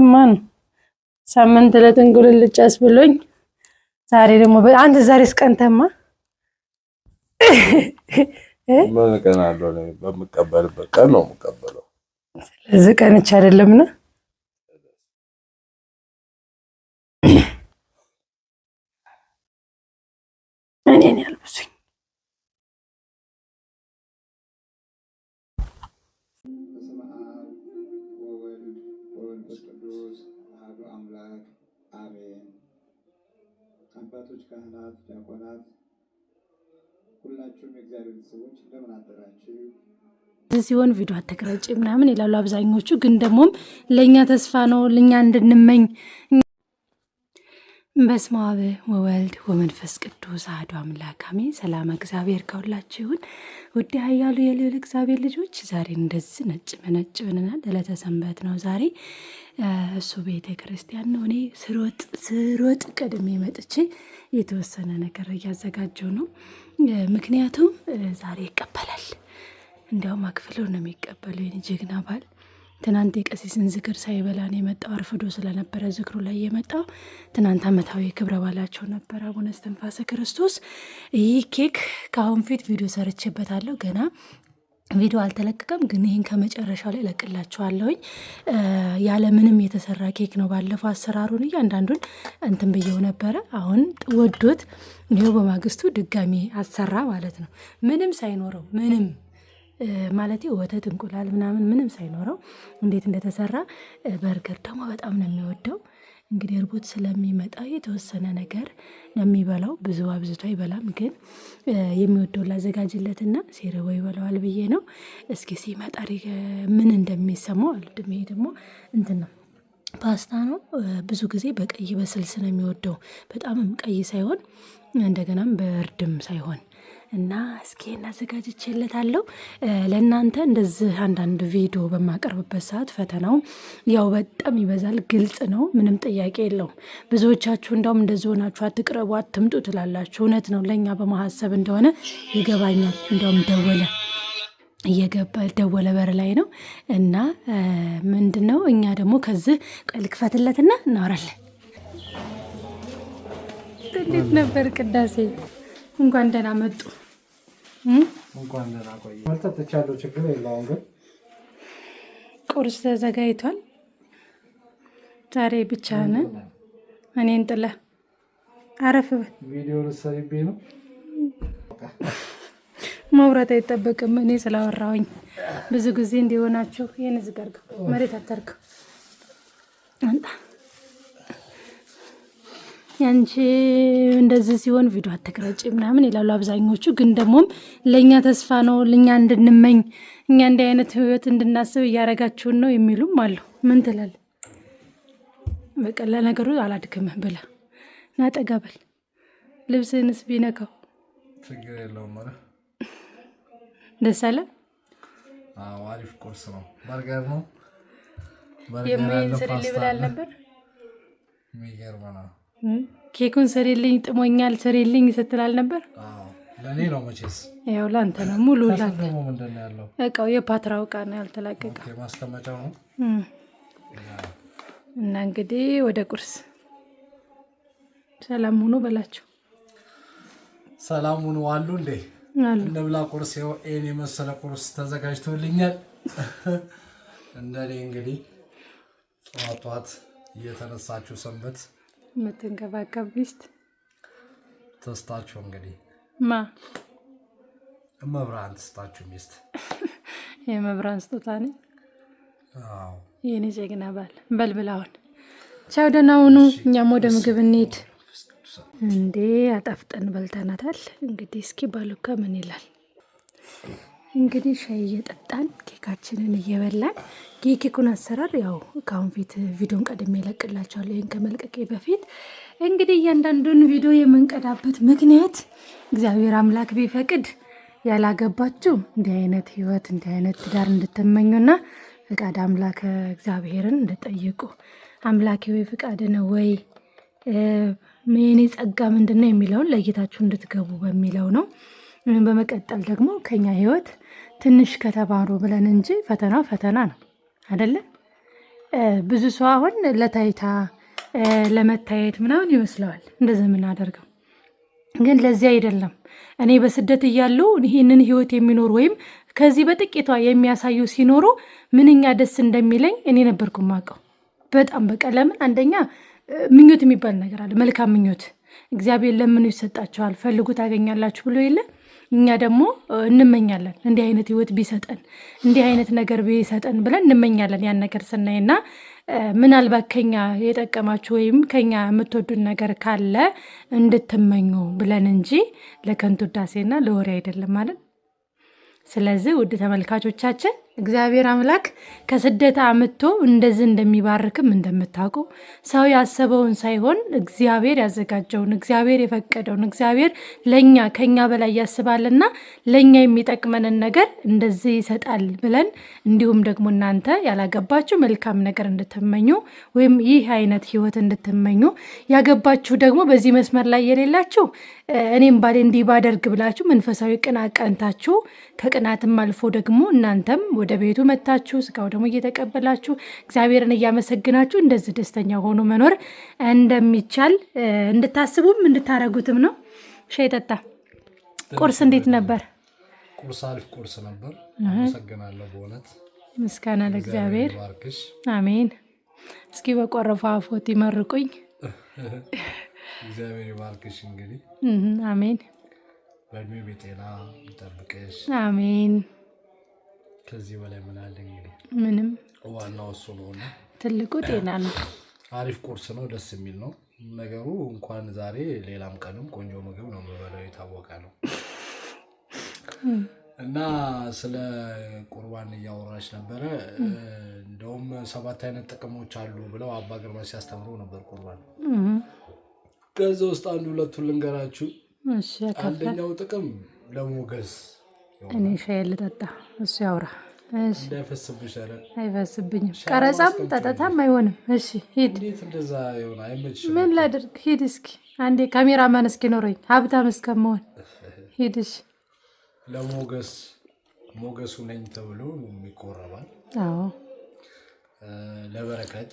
ነው። ሳምንት ዕለትን ጉልልጫስ ብሎኝ ዛሬ ደግሞ አንተ ዛሬ እስቀንተማ ምን ቀን አለው? በምቀበልበት ቀን ነው የምቀበለው። ስለዚህ ብቻ አይደለም ና እኔን ያልብሱኝ ካህናት፣ ዲያቆናት ሁላችሁም የእግዚአብሔር ቤተሰቦች እንደምን አደራችሁ። እዚህ ሲሆን ቪዲዮ አትቅረጭ ምናምን ይላሉ አብዛኞቹ። ግን ደግሞም ለእኛ ተስፋ ነው ለእኛ እንድንመኝ በስመ አብ ወወልድ ወመንፈስ ቅዱስ አሐዱ አምላክ አሜን። ሰላም እግዚአብሔር ከሁላችሁን ውድ ያሉ የልዑል እግዚአብሔር ልጆች ዛሬ እንደዚህ ነጭ በነጭ ብንናል። ዕለተ ሰንበት ነው ዛሬ። እሱ ቤተ ክርስቲያን ነው። እኔ ስሮጥ ስሮጥ ቀድሜ መጥቼ የተወሰነ ነገር እያዘጋጀው ነው። ምክንያቱም ዛሬ ይቀበላል። እንዲያውም አክፍሎ ነው የሚቀበሉ ጀግና ባል ትናንት የቀሲስን ዝክር ሳይበላን የመጣው አርፍዶ ስለነበረ ዝክሩ ላይ የመጣው ትናንት ዓመታዊ ክብረ በዓላቸው ነበር። አቡነ እስትንፋሰ ክርስቶስ። ይህ ኬክ ከአሁን ፊት ቪዲዮ ሰርቼበታለሁ ገና ቪዲዮ አልተለቀቀም፣ ግን ይህን ከመጨረሻው ላይ እለቅላችኋለሁኝ። ያለምንም የተሰራ ኬክ ነው። ባለፈው አሰራሩን እያንዳንዱን እንትን ብየው ነበረ። አሁን ወዶት ይኸው በማግስቱ ድጋሚ አሰራ ማለት ነው። ምንም ሳይኖረው ምንም ማለት ወተት፣ እንቁላል ምናምን ምንም ሳይኖረው እንዴት እንደተሰራ በርገር ደግሞ በጣም ነው የሚወደው። እንግዲህ እርቦት ስለሚመጣ የተወሰነ ነገር ነው የሚበላው። ብዙ አብዝቶ አይበላም፣ ግን የሚወደው ላዘጋጅለትና ሲርቦ ይበላዋል ብዬ ነው። እስኪ ሲመጣ ምን እንደሚሰማው አልድም። ይሄ ደግሞ እንትን ነው ፓስታ ነው። ብዙ ጊዜ በቀይ በስልስ ነው የሚወደው፣ በጣምም ቀይ ሳይሆን እንደገናም በእርድም ሳይሆን እና እስኪ እናዘጋጅችለታለሁ ለእናንተ እንደዚህ አንዳንድ ቪዲዮ በማቀርብበት ሰዓት ፈተናው ያው በጣም ይበዛል። ግልጽ ነው፣ ምንም ጥያቄ የለውም። ብዙዎቻችሁ እንዳውም እንደዚህ ሆናችሁ አትቅረቡ፣ አትምጡ ትላላችሁ። እውነት ነው፣ ለእኛ በማሀሰብ እንደሆነ ይገባኛል። እንዳውም ደወለ እየገባ ደወለ በር ላይ ነው እና ምንድን ነው እኛ ደግሞ ከዚህ ቀልክፈትለትና እናወራለን። እንዴት ነበር ቅዳሴ? እንኳን ደህና መጡ። እንኳን ደህና ቆየ። መጠጥ ቻለው ችግር የለውም ግን ቁርስ ተዘጋጅቷል። ዛሬ ብቻህን እኔን ጥለህ አረፍ በል። ቪዲዮ ልትሰሪብኝ ነው? ማውራት አይጠበቅም እኔ ስላወራሁኝ ብዙ ጊዜ እንዲሆናችሁ ይህን ዝጋርግ መሬት አተርግ አንጣ ያንቺ እንደዚህ ሲሆን ቪዲዮ አትቅረጭ ምናምን ይላሉ አብዛኞቹ። ግን ደግሞም ለእኛ ተስፋ ነው፣ ለእኛ እንድንመኝ፣ እኛ እንዲህ አይነት ህይወት እንድናስብ እያደረጋችሁን ነው የሚሉም አሉ። ምን ትላል? በቃ ነገሩ አላድክምህ ብላ ናጠጋበል ልብስህንስ ቢነካው ችግር የለውም። ደስ አለ። አሪፍ ቁርስ ነው። በርገር ነው። ኬኩን ስሪልኝ ጥሞኛል ስሪልኝ ስትላል ነበር። ለእኔ ነው መቼስ፣ ያው ለአንተ ነው። ሙሉ እቃው የፓትራው እቃ ነው ያልተላቀቀ የማስቀመጫው ነው። እና እንግዲህ ወደ ቁርስ ሰላም ሁኑ በላቸው። ሰላም ሁኑ አሉ እንዴ እንደብላ ቁርስ ው ኤን የመሰለ ቁርስ ተዘጋጅቶልኛል። እንደኔ እንግዲህ ጠዋት ጠዋት እየተነሳችሁ ሰንበት የምትንከባከብ ሚስት ትስጣችሁ። እንግዲህ ማ መብርሃን ትስጣችሁ ሚስት። የመብርሃን ስጦታ ነኝ። የኔ ጀግና ባል በልብላውን። ቻው፣ ደህና ሁኑ። እኛም ወደ ምግብ እንሄድ። እንዴ አጣፍጠን በልተናታል። እንግዲህ እስኪ ባሉካ ምን ይላል? እንግዲህ ሻይ እየጠጣን ኬካችንን እየበላን የኬኩን አሰራር ያው ከአሁን ፊት ቪዲዮን ቀድሜ ይለቅላቸዋለሁ። ይህን ከመልቀቄ በፊት እንግዲህ እያንዳንዱን ቪዲዮ የምንቀዳበት ምክንያት እግዚአብሔር አምላክ ቢፈቅድ ያላገባችሁ እንዲህ አይነት ህይወት እንዲህ አይነት ትዳር እንድትመኙና ፍቃድ አምላክ እግዚአብሔርን እንድጠይቁ አምላክ ወይ ፍቃድ ነው ወይ የኔ ጸጋ ምንድነው የሚለውን ለይታችሁ እንድትገቡ በሚለው ነው። በመቀጠል ደግሞ ከኛ ህይወት ትንሽ ከተባሩ ብለን እንጂ ፈተናው ፈተና ነው አይደለም። ብዙ ሰው አሁን ለታይታ ለመታየት ምናምን ይመስለዋል እንደዚህ የምናደርገው ግን ለዚህ አይደለም። እኔ በስደት እያሉ ይህንን ህይወት የሚኖሩ ወይም ከዚህ በጥቂቷ የሚያሳዩ ሲኖሩ ምንኛ ደስ እንደሚለኝ እኔ ነበርኩ ማቀው በጣም በቃ ለምን አንደኛ ምኞት የሚባል ነገር አለ። መልካም ምኞት እግዚአብሔር ለምኑ ይሰጣቸዋል፣ ፈልጉ ታገኛላችሁ ብሎ የለን እኛ ደግሞ እንመኛለን እንዲህ አይነት ህይወት ቢሰጠን እንዲህ አይነት ነገር ቢሰጠን ብለን እንመኛለን። ያን ነገር ስናይ እና ምናልባት ከኛ የጠቀማችሁ ወይም ከኛ የምትወዱን ነገር ካለ እንድትመኙ ብለን እንጂ ለከንቱ ዳሴና ለወሬ አይደለም ማለት። ስለዚህ ውድ ተመልካቾቻችን እግዚአብሔር አምላክ ከስደት አምጥቶ እንደዚህ እንደሚባርክም እንደምታውቁ ሰው ያሰበውን ሳይሆን እግዚአብሔር ያዘጋጀውን እግዚአብሔር የፈቀደውን እግዚአብሔር ለእኛ ከኛ በላይ ያስባልና ለእኛ የሚጠቅመንን ነገር እንደዚህ ይሰጣል ብለን እንዲሁም ደግሞ እናንተ ያላገባችሁ መልካም ነገር እንድትመኙ ወይም ይህ አይነት ህይወት እንድትመኙ ያገባችሁ ደግሞ በዚህ መስመር ላይ የሌላችሁ እኔም ባሌ እንዲህ ባደርግ ብላችሁ መንፈሳዊ ቅናት ቀንታችሁ ከቅናትም አልፎ ደግሞ እናንተም ወደ ቤቱ መታችሁ ስጋው ደግሞ እየተቀበላችሁ እግዚአብሔርን እያመሰግናችሁ እንደዚህ ደስተኛ ሆኖ መኖር እንደሚቻል እንድታስቡም እንድታረጉትም ነው። ሻይ ጠጣ። ቁርስ እንዴት ነበር? ቁርስ አሪፍ ቁርስ ነበር። አመሰግናለሁ በእውነት ምስጋና ለእግዚአብሔር አሜን። እስኪ በቆረፋ ፎት ይመርቁኝ። እግዚአብሔር ይባርክሽ። እንግዲህ አሜን። በእድሜ በጤና ይጠብቅሽ። አሜን። ከዚህ በላይ ምን አለ እንግዲህ? ምንም። ዋናው እሱ ነው። ትልቁ ጤና ነው። አሪፍ ቁርስ ነው። ደስ የሚል ነው ነገሩ። እንኳን ዛሬ ሌላም ቀንም ቆንጆ ምግብ ነው የምበላው። የታወቀ ነው እና ስለ ቁርባን እያወራች ነበረ። እንደውም ሰባት አይነት ጥቅሞች አሉ ብለው አባ ግርማ ሲያስተምሩ ነበር ቁርባን ከዛ ውስጥ አንድ ሁለቱ ልንገራችሁ። አንደኛው ጥቅም ለሞገስ እኔ ሻይ ልጠጣ፣ እሱ ያውራ። እንዳይፈስብሽ አይፈስብኝም። ቀረጻም ጠጠታም አይሆንም። እሺ ሂድ። ምን ላድርግ? ሂድ እስኪ አንዴ ካሜራማን ኖረኝ ሀብታም እስከመሆን ሂድሽ። ለሞገስ ሞገሱ ነኝ ተብሎ ይቆረባል። አዎ ለበረከት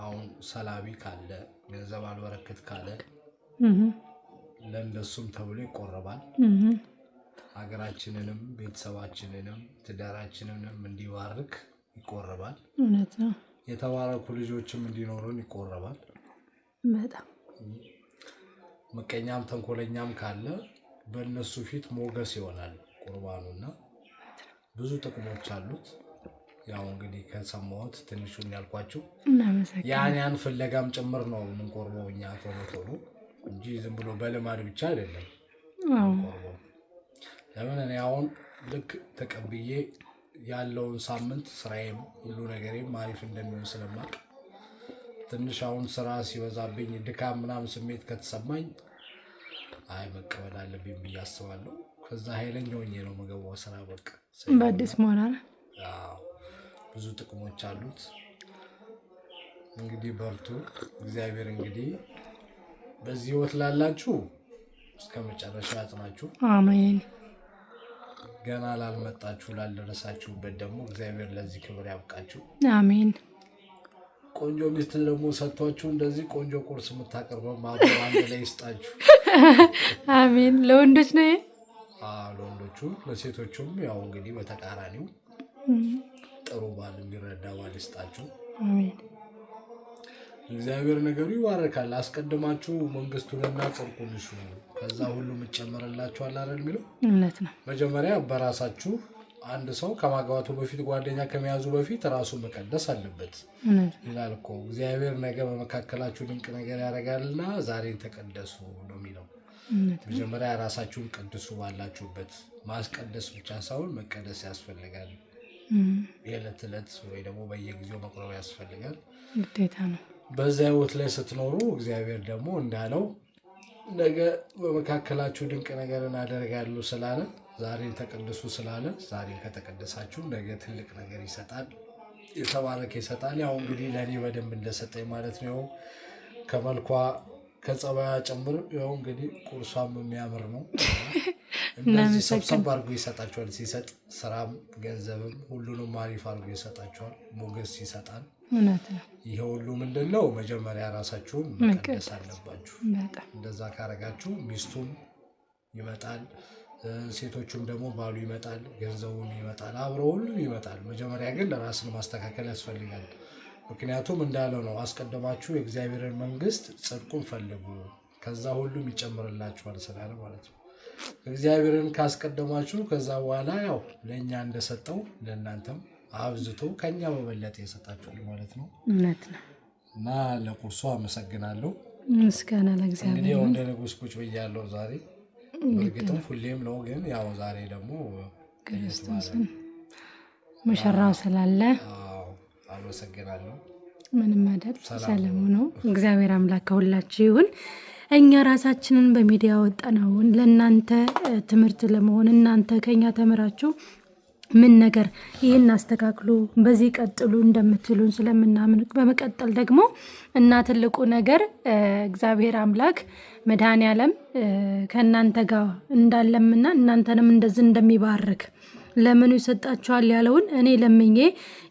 አሁን ሰላቢ ካለ ገንዘብ አልበረክት ካለ ለእንደሱም ተብሎ ይቆረባል። ሀገራችንንም ቤተሰባችንንም ትዳራችንንም እንዲባርክ ይቆረባል። የተባረኩ ልጆችም እንዲኖሩን ይቆረባል። በጣም ምቀኛም ተንኮለኛም ካለ በእነሱ ፊት ሞገስ ይሆናል ቁርባኑና ብዙ ጥቅሞች አሉት። ያው እንግዲህ ከሰማሁት ትንሹን ያልኳችሁ ያን ያን ፍለጋም ጭምር ነው የምንቆርበው እኛ ቶሎ ቶሎ እንጂ ዝም ብሎ በልማድ ብቻ አይደለም ለምን እኔ አሁን ልክ ተቀብዬ ያለውን ሳምንት ስራዬም ሁሉ ነገሬም አሪፍ እንደሚሆን ስለማቅ ትንሽ አሁን ስራ ሲበዛብኝ ድካም ምናምን ስሜት ከተሰማኝ አይ መቀበል አለብኝ ብዬ አስባለሁ። ከዛ ኃይለኛ ሆኜ ነው የምገባው ስራ በቃ በአዲስ መሆናል ብዙ ጥቅሞች አሉት። እንግዲህ በርቱ። እግዚአብሔር እንግዲህ በዚህ ህይወት ላላችሁ እስከ መጨረሻ ያጽናችሁ። አሜን። ገና ላልመጣችሁ ላልደረሳችሁበት ደግሞ እግዚአብሔር ለዚህ ክብር ያብቃችሁ። አሜን። ቆንጆ ሚስት ደግሞ ሰጥቷችሁ እንደዚህ ቆንጆ ቁርስ የምታቀርበው ማብሮ አንድ ላይ ይስጣችሁ። አሜን። ለወንዶች ነው ለወንዶቹ፣ ለሴቶቹም ያው እንግዲህ በተቃራኒው ጥሩ ባል የሚረዳ ባል ይስጣችሁ። እግዚአብሔር ነገሩ ይባረካል። አስቀድማችሁ መንግስቱንና ጽድቁን ከዛ ሁሉ ይጨመርላችኋል አይደል የሚለው እምነት ነው። መጀመሪያ በራሳችሁ አንድ ሰው ከማግባቱ በፊት ጓደኛ ከመያዙ በፊት ራሱን መቀደስ አለበት ይላል እኮ እግዚአብሔር። ነገ በመካከላችሁ ድንቅ ነገር ያደርጋልና ዛሬን ተቀደሱ ነው የሚለው። መጀመሪያ ራሳችሁን ቅድሱ ባላችሁበት። ማስቀደስ ብቻ ሳይሆን መቀደስ ያስፈልጋል። የዕለት ዕለት ወይ ደግሞ በየጊዜው መቁረብ ያስፈልጋል፣ ግዴታ ነው። በዚያ ህይወት ላይ ስትኖሩ እግዚአብሔር ደግሞ እንዳለው ነገ በመካከላችሁ ድንቅ ነገርን አደርጋለሁ ስላለ ዛሬን ተቀድሱ ስላለ ዛሬን ከተቀደሳችሁ ነገ ትልቅ ነገር ይሰጣል፣ የተባረከ ይሰጣል። ያው እንግዲህ ለእኔ በደንብ እንደሰጠኝ ማለት ነው። ከመልኳ ከጸባያ ጭምር ያው እንግዲህ ቁርሷም የሚያምር ነው። እንደዚህ ሰብሰብ አድርጎ ይሰጣቸዋል። ሲሰጥ ስራም ገንዘብም ሁሉንም አሪፍ አድርጎ ይሰጣቸዋል። ሞገስ ይሰጣል። እውነት ነው። ይሄ ሁሉ ምንድን ነው? መጀመሪያ ራሳችሁን መቀደስ አለባችሁ። እንደዛ ካረጋችሁ ሚስቱም ይመጣል፣ ሴቶቹም ደግሞ ባሉ ይመጣል፣ ገንዘቡም ይመጣል፣ አብሮ ሁሉም ይመጣል። መጀመሪያ ግን ራስን ማስተካከል ያስፈልጋል። ምክንያቱም እንዳለው ነው አስቀድማችሁ የእግዚአብሔርን መንግስት ጽድቁን ፈልጉ፣ ከዛ ሁሉም ይጨምርላችኋል ስላለ ማለት ነው። እግዚአብሔርን ካስቀደማችሁ ከዛ በኋላ ያው ለእኛ እንደሰጠው ለእናንተም አብዝቶ ከኛ በበለጠ የሰጣችኋል ማለት ነው። እውነት ነው እና ለቁርሱ አመሰግናለሁ። ምስጋና ለእግዚአብሔር። እንግዲህ እንደ ንጉስ ቁጭ ብያለሁ ዛሬ። በእርግጥም ሁሌም ነው፣ ግን ያው ዛሬ ደግሞ ክርስቶስን ሙሽራው ስላለ አመሰግናለሁ። ምንም አይደል፣ ሰላሙ ነው። እግዚአብሔር አምላክ ከሁላችሁ ይሁን። እኛ ራሳችንን በሚዲያ ወጣ ለእናንተ ትምህርት ለመሆን እናንተ ከኛ ተምራችሁ ምን ነገር ይህን አስተካክሉ፣ በዚህ ቀጥሉ እንደምትሉን ስለምናምን በመቀጠል ደግሞ እና ትልቁ ነገር እግዚአብሔር አምላክ መድኃኔ ዓለም ከእናንተ ጋር እንዳለምና እናንተንም እንደዚህ እንደሚባርክ ለምኑ ይሰጣችኋል ያለውን እኔ ለምኜ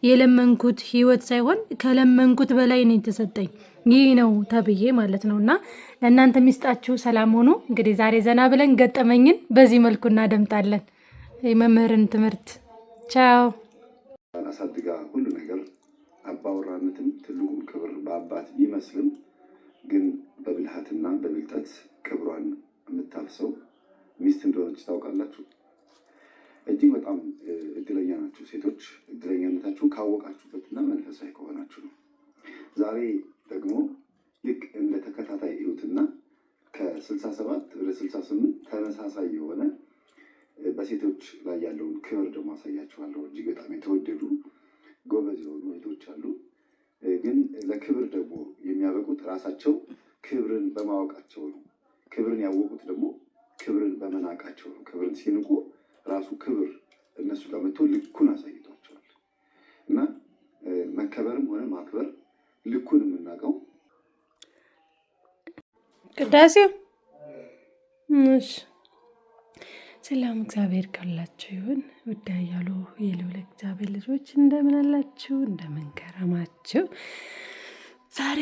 የለመንኩት ህይወት ሳይሆን ከለመንኩት በላይ ነው የተሰጠኝ። ይህ ነው ተብዬ ማለት ነው እና ለእናንተ ሚስጣችሁ ሰላም ሆኖ እንግዲህ ዛሬ ዘና ብለን ገጠመኝን በዚህ መልኩ እናደምጣለን። የመምህርን ትምህርት ቻው አሳድጋ ሁሉ ነገር አባወራነትም ትልቁን ክብር በአባት ቢመስልም ግን በብልሃትና በብልጠት ክብሯን የምታፍሰው ሚስት እንደሆነች ታውቃላችሁ። እጅግ በጣም እድለኛ ናችሁ ሴቶች። እድለኛነታችሁን ካወቃችሁበትና መንፈሳዊ ከሆናችሁ ነው ዛሬ ስልሳ ስምንት ተመሳሳይ የሆነ በሴቶች ላይ ያለውን ክብር ደግሞ አሳያቸዋለሁ። እጅግ በጣም የተወደዱ ጎበዝ የሆኑ እህቶች አሉ። ግን ለክብር ደግሞ የሚያበቁት ራሳቸው ክብርን በማወቃቸው ነው። ክብርን ያወቁት ደግሞ ክብርን በመናቃቸው ነው። ክብርን ሲንቁ ራሱ ክብር እነሱ ጋር መጥቶ ልኩን አሳይቷቸዋል። እና መከበርም ሆነ ማክበር ልኩን የምናውቀው ቅዳሴው እሺ ሰላም እግዚአብሔር ካላችሁ ይሁን ውዳ እያሉ የልዑል እግዚአብሔር ልጆች እንደምን አላችሁ? እንደምን ከረማችሁ? ዛሬ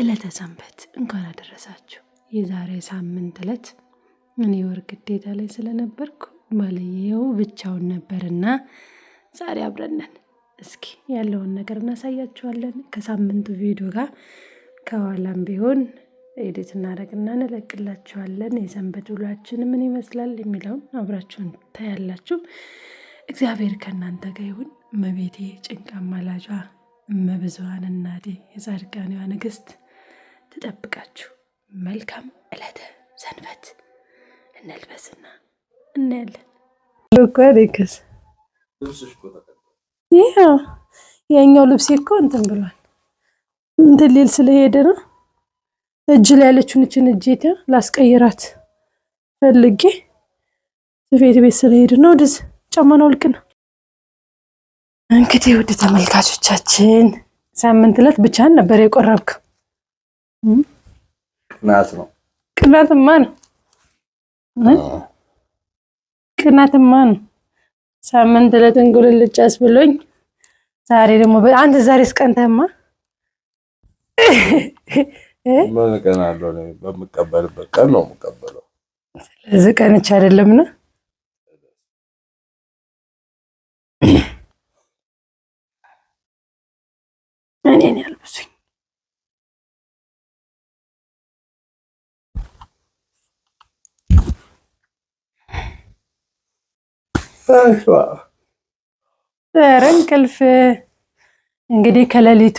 ዕለተ ሰንበት እንኳን አደረሳችሁ። የዛሬ ሳምንት ዕለት እኔ ወር ግዴታ ላይ ስለነበርኩ ባልየው ብቻውን ነበርና ዛሬ አብረነን እስኪ ያለውን ነገር እናሳያችኋለን ከሳምንቱ ቪዲዮ ጋር ከኋላም ቢሆን ኤዲት እናደርግና እንለቅላችኋለን። የሰንበት ውሏችን ምን ይመስላል የሚለውን አብራችሁን ታያላችሁ። እግዚአብሔር ከእናንተ ጋር ይሁን። እመቤቴ ጭንቅ አማላጇ፣ እመብዙኃን እናቴ፣ የጻድቃኔዋ ንግሥት ትጠብቃችሁ። መልካም ዕለተ ሰንበት። እንልበስና እናያለን። ዶኳዴክስ ይህ ያኛው ልብሴ እኮ እንትን ብሏል እንትን ሊል ስለሄደ ነው እጅ ላይ ያለችውን እችን እጄታ ላስቀይራት ፈልጌ ስፌት ቤት ስለሄድ ነው። ወደዚ ጫማን ነው እንግዲህ ውድ ተመልካቾቻችን ሳምንት ዕለት ብቻን ነበር የቆረብክ። ቅናት ነው ቅናትማ ነው ቅናትማ ነው። ሳምንት ዕለት እንጉልልጫስ ብሎኝ ዛሬ ደግሞ አንተ ዛሬ እስቀንተማ ምን ቀን አለው? በምቀበልበት ቀን ነው የምቀበለው። ስለዚህ ቀንቻ አይደለም ና እኔን ያልብሱኝ ኧረ እንቅልፍ እንግዲህ ከሌሊቱ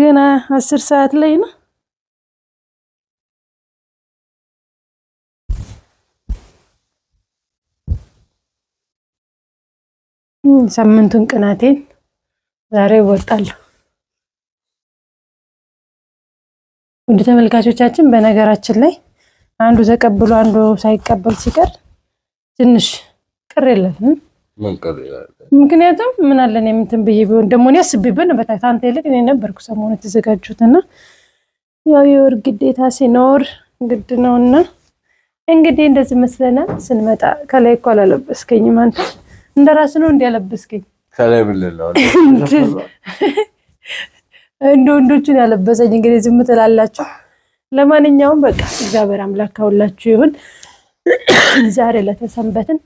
ገና አስር ሰዓት ላይ ነው። ሳምንቱን ቅናቴን ዛሬ እወጣለሁ። ውድ ተመልካቾቻችን፣ በነገራችን ላይ አንዱ ተቀብሎ አንዱ ሳይቀበል ሲቀር ትንሽ ቅር የለንም። ምክንያቱም ምን አለን የምንትን ብዬ ቢሆን ደግሞ እኔ አስቤበት ነበር። ከአንተ ይልቅ እኔ ነበርኩ ሰሞኑ የተዘጋጁት እና ያው የወር ግዴታ ሲኖር ግድ ነው እና እንግዲህ እንደዚህ መስለናል። ስንመጣ ከላይ እኮ አላለበስከኝም አንተ እንደ ራስ ነው እንዲያለበስከኝ ሰላም ብለላው እንደ ወንዶችን ያለበሰኝ እንግዲህ ዝም ትላላችሁ። ለማንኛውም በቃ እግዚአብሔር አምላክ ካሁላችሁ ይሁን። ዛሬ ለተሰንበትን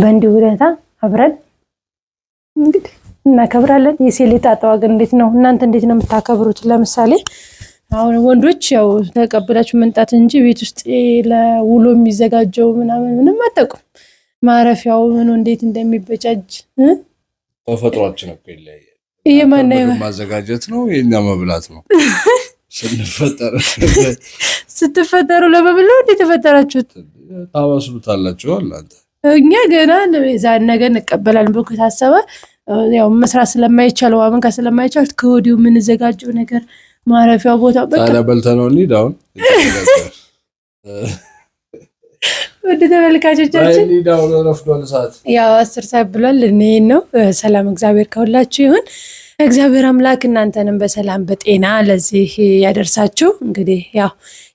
በእንዲህ ሁኔታ አብረን እንግዲህ እናከብራለን። የሴሌ ጣጣዋ እንዴት ነው? እናንተ እንዴት ነው የምታከብሩት? ለምሳሌ አሁን ወንዶች ያው ተቀብላችሁ መምጣት እንጂ ቤት ውስጥ ለውሎ የሚዘጋጀው ምናምን ምንም አጠቁም ማረፊያው ምኑ እንዴት እንደሚበጃጅ ተፈጥሯችን እኮ ይለያል። ይለያያል። ማዘጋጀት ነው የኛ መብላት ነው። ስንፈጠር ስትፈጠሩ ለመብል ነው እንዴ ተፈጠራችሁት? ታባስሉታላችሁ። እኛ ገና ዛን ነገር እንቀበላለን ብሎ ከታሰበ ያው መስራት ስለማይቻል ዋመንካ ስለማይቻል ከወዲሁ የምንዘጋጀው ነገር ማረፊያው ቦታ በቃ በልተነው እንሂድ አሁን ወደ ተመልካቾቻችን ያው አስር ሰዓት ብሏል። እኔን ነው ሰላም እግዚአብሔር ከሁላችሁ ይሁን። እግዚአብሔር አምላክ እናንተንም በሰላም በጤና ለዚህ ያደርሳችሁ። እንግዲህ ያው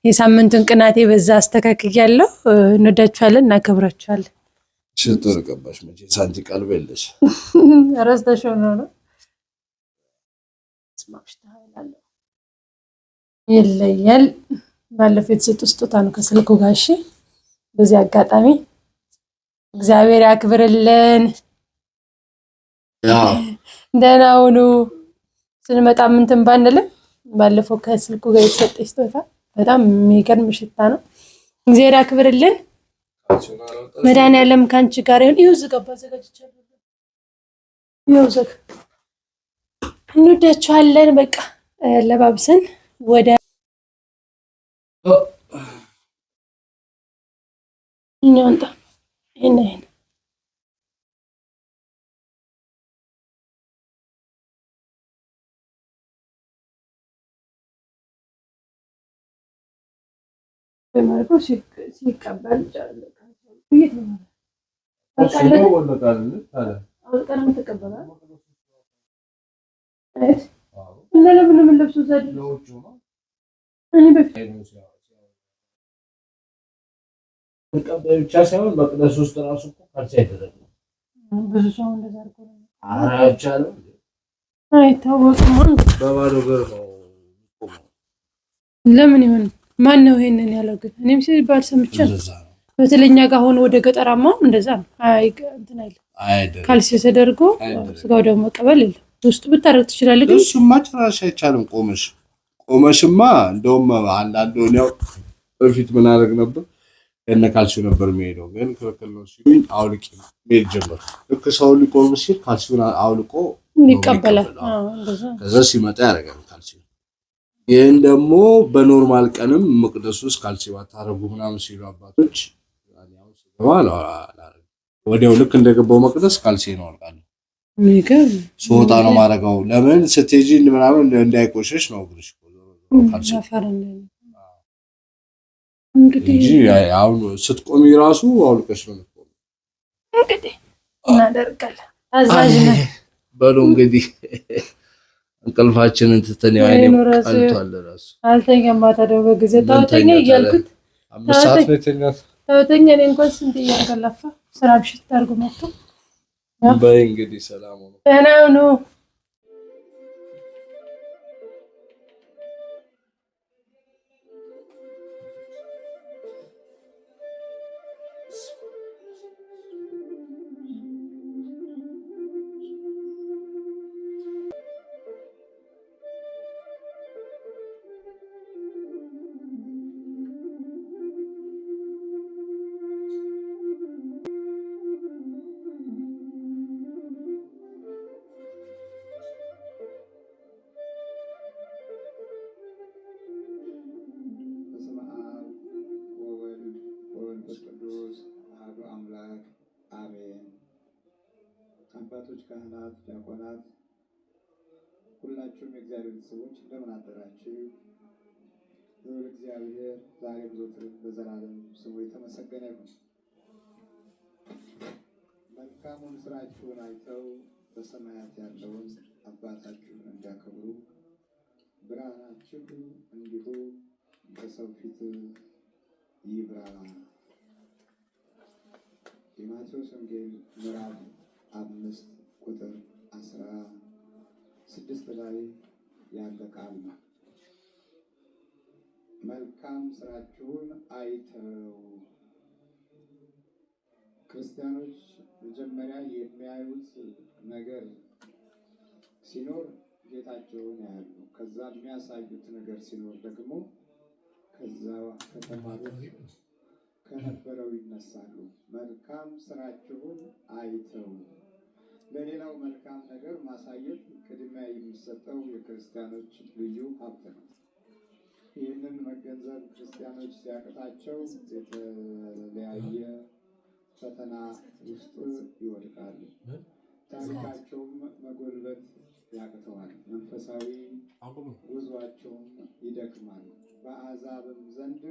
የሳምንቱን ቅናቴ በዛ አስተካክያለሁ። እንወዳችኋለን፣ እናከብራችኋለን። ሽጦር ቀባሽ መቼ ሳንቲ ቀልብ የለሽ ረስተሽ ነው ነው ይለያል። ባለፈው የተሰጡ ስጦታ ነው ከስልኩ ጋር እሺ በዚህ አጋጣሚ እግዚአብሔር ያክብርልን። ደህና ሁኑ። ስንመጣ ምንትን ባንልም ባለፈው ከስልኩ ጋር የተሰጠ ስጦታ በጣም የሚገርም ሽታ ነው። እግዚአብሔር ያክብርልን። መድኃኒዓለም ከአንቺ ጋር ይሁን። ይኸው ዝገባ ዘጋጅቻለሁ። ይኸው ዘግ እንወዳችኋለን። በቃ ለባብሰን ወደ النيون ده هنا هنا بماركو سيك سيك كبل جال كان شيء ولا قال هذا القرن متكبلة ايش؟ لا آه. لا من لبسوا زاد لو تشوفه انا بفهم إيه، ተቀባይ ብቻ ሳይሆን መቅደስ ውስጥ ራሱ እኮ ካልሲ አይደለም። ብዙ ሰው እንደዛ አድርጎ አይቻልም፣ አይታወቅም። በባዶ እግር ነው። ለምን ይሆን? ማን ነው ይሄንን ያለው? ግን እኔም ሲባል ሰምቼ በተለይ እኛ ጋር ሆኖ ወደ ገጠራማው እንደዛ ነው። እንትን አይደለም ካልሲ ተደርጎ ስጋው ደግሞ መቀበል የለም። ውስጡ ብታረግ ትችላለህ፣ ግን እሱማ ጭራሽ አይቻልም። ቆመሽ ቆመሽማ እንደውም አንዳንድ ያው በፊት ምን አደረግ ነበር ያነ ካልሲው ነበር የሚሄደው፣ ግን ክርክር ነው ሲሉኝ አውልቂ መሄድ ጀመር። ልክ ሰው ሊቆም ሲል ካልሲውን አውልቆ ይቀበላል። ከዛ ሲመጣ ያደርጋል ካልሲው። ይህን ደግሞ በኖርማል ቀንም መቅደሱ ውስጥ ካልሲ ባታረጉ ምናምን ሲሉ አባቶች ወዲያው ልክ እንደገባው መቅደስ ካልሲ ነው አልቃለሁ። ስወጣ ነው ማድረገው። ለምን ስቴጂ ምናምን እንዳይቆሸሽ ነው ግሽ ካልሲ እንግዲህ አሁን ስትቆሚ ራሱ አውልቀሽ ነው የምትቆሚው። እንግዲህ እናደርጋለን። አዛዥ ነን በሉ እንግዲህ እንቅልፋችንን ትተን ያኔ ራሱ አልተኛም። ማታ ደግሞ በጊዜ ታወተኛ እያልኩት አምስት እኔ እንኳን ስንት እያንቀላፋ ስራ ብሽት አድርጎ መጥቶ በይ እንግዲህ ሰላም ነው። ቤተሰቦች እንደምን አደራችሁ? ክብር እግዚአብሔር ዛሬም ዘወትርም በዘላለም ስሙ የተመሰገነ ይሁን። መልካሙን ስራችሁን አይተው በሰማያት ያለውን አባታችሁን እንዲያከብሩ ብርሃናችሁ እንዲሁ በሰው ፊት ይብራ። የማቴዎስ ወንጌል ምዕራፍ አምስት ቁጥር አስራ ስድስት ላይ ያለ ቃል ነው። መልካም ስራችሁን አይተው ክርስቲያኖች መጀመሪያ የሚያዩት ነገር ሲኖር ጌታቸውን ያያሉ። ከዛ የሚያሳዩት ነገር ሲኖር ደግሞ ከዛ ከተማሩት ከነበረው ይነሳሉ። መልካም ስራችሁን አይተው ለሌላው መልካም ነገር ማሳየት ቅድሚያ የሚሰጠው የክርስቲያኖች ልዩ ሀብት ነው። ይህንን መገንዘብ ክርስቲያኖች ሲያቅታቸው የተለያየ ፈተና ውስጥ ይወድቃሉ። ታሪካቸውም መጎልበት ያቅተዋል። መንፈሳዊ ጉዟቸውም ይደክማል። በአሕዛብም ዘንድ